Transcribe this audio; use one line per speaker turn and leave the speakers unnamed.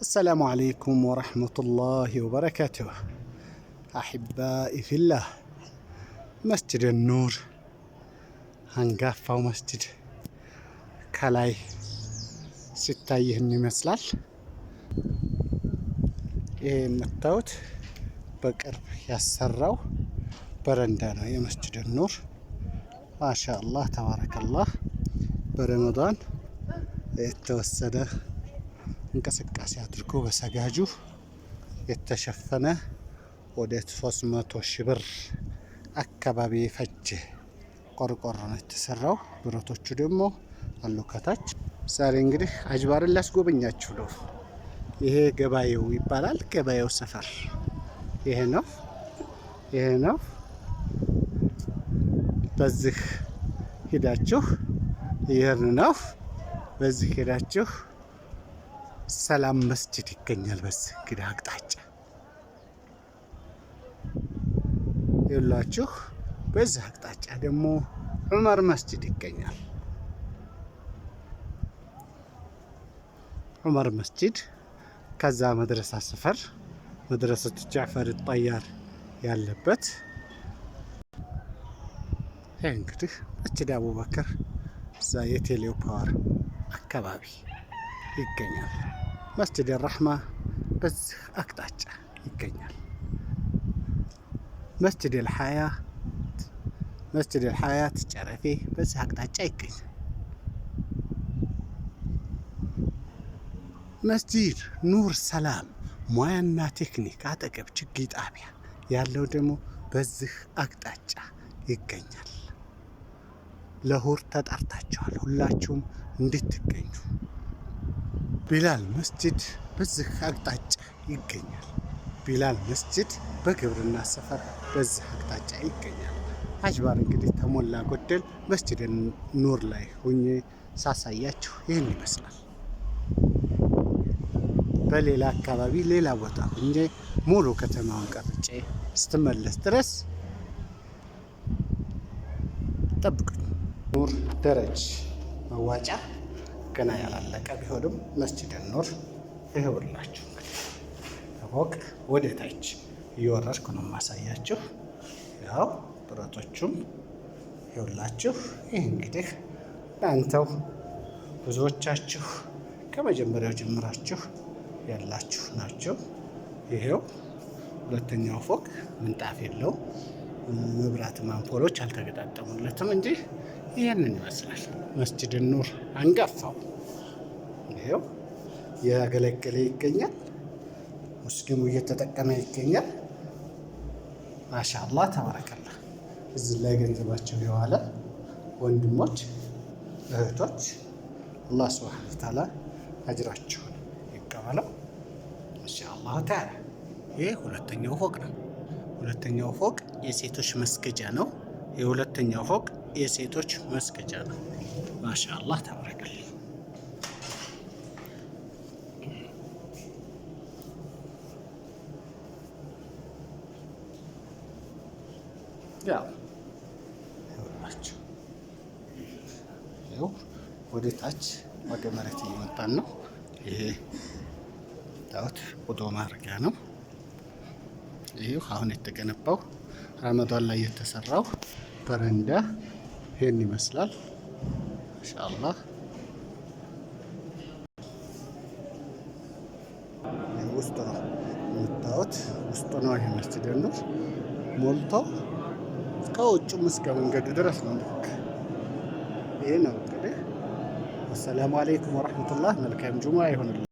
السلام عليكم ورحمة الله وبركاته أحبائي في الله مسجد النور هنقف مسجد كالاي ستة يهن مسلال إيه متوت بقرب ياسراو برندانا يا مسجد النور ما شاء الله تبارك الله برمضان إيه، توسده እንቅስቃሴ አድርጎ በሰጋጁ የተሸፈነ ወደ 300 ሺህ ብር አካባቢ ፈጅ ቆርቆሮ ነው የተሰራው። ብረቶቹ ደግሞ አሉ ከታች። ዛሬ እንግዲህ አጅባርን ላስጎበኛችሁ ነው። ይሄ ገባኤው ይባላል። ገባኤው ሰፈር ይሄ ነው። ይሄ ነው። በዚህ ሂዳችሁ ይህን ነው። በዚህ ሄዳችሁ? ሰላም መስጅድ ይገኛል። በስ እንግዲህ አቅጣጫ የላችሁ። በዚህ አቅጣጫ ደግሞ ዑመር መስጅድ ይገኛል። ዑመር መስጅድ ከዛ መድረሳ ሰፈር መድረሰቱ ጃዕፈር ጠያር ያለበት ይህ እንግዲህ መስጅድ አቡበከር እዛ የቴሌው ፓወር አካባቢ ይገኛል። መስጅድ ራህማ በዚህ አቅጣጫ ይገኛል። መስጅድ ልሀያት መስጅድ ልሀያት ጨረፌ በዚህ አቅጣጫ ይገኛል። መስጂድ ኑር ሰላም ሙያና ቴክኒክ አጠገብ ችግኝ ጣቢያ ያለው ደግሞ በዚህ አቅጣጫ ይገኛል። ለሁር ተጣርታቸዋል ሁላችሁም እንድትገኙ ቢላል መስጂድ በዚህ አቅጣጫ ይገኛል። ቢላል መስጂድ በግብርና ሰፈር በዚህ አቅጣጫ ይገኛል። አጅባር እንግዲህ ተሞላ ጎደል መስጂድ ኑር ላይ ሆኜ ሳሳያችሁ ይህን ይመስላል። በሌላ አካባቢ ሌላ ቦታ ሆኜ ሙሉ ከተማውን ቀርጬ ስትመለስ ድረስ ጠብቅ ኑር ደረጅ መዋጫ ገና ያላለቀ ቢሆንም መስጂድ ኑር ይኸውላችሁ እንግዲህ ከፎቅ ወደ ታች እየወረድኩ ነው የማሳያችሁ። ያው ብረቶቹም ይኸውላችሁ። ይህ እንግዲህ እናንተው ብዙዎቻችሁ ከመጀመሪያው ጀምራችሁ ያላችሁ ናቸው። ይሄው ሁለተኛው ፎቅ ምንጣፍ የለው መብራት ማንፖሎች አልተገጣጠሙለትም እንጂ ይህንን ይመስላል። መስጅድ ኑር አንጋፋው ይሄው እያገለገለ ይገኛል። ሙስሊሙ እየተጠቀመ ይገኛል። ማሻአላህ ተባረከላ። እዚህ ላይ ገንዘባቸው የዋለ ወንድሞች እህቶች አላህ ስብሐነ ወተዓላ አጅራችሁን ይቀበለው። ማሻአላህ ተዓላ ይህ ሁለተኛው ፎቅ ነው። ሁለተኛው ፎቅ የሴቶች መስገጃ ነው። የሁለተኛው ፎቅ የሴቶች መስገጃ ነው። ማሻአላህ ተባረከል። ያው ወደ ታች ወደ መሬት እየመጣን ነው። ይሄ ታውት ቁጦ ማድረጊያ ነው። ይህ አሁን የተገነባው ረመዷን ላይ የተሰራው በረንዳ ይህን ይመስላል። ኢንሻአላህ ውስጡ ነው የምታዩት፣ ውስጡ ነው ይህ መስጂድ ነው ሞልቶ እስከ ውጭም እስከ መንገዱ ድረስ ነው። ልክ ይህ ነው እንግዲህ። አሰላሙ አለይኩም መልካም ጁማ ይሆንልን።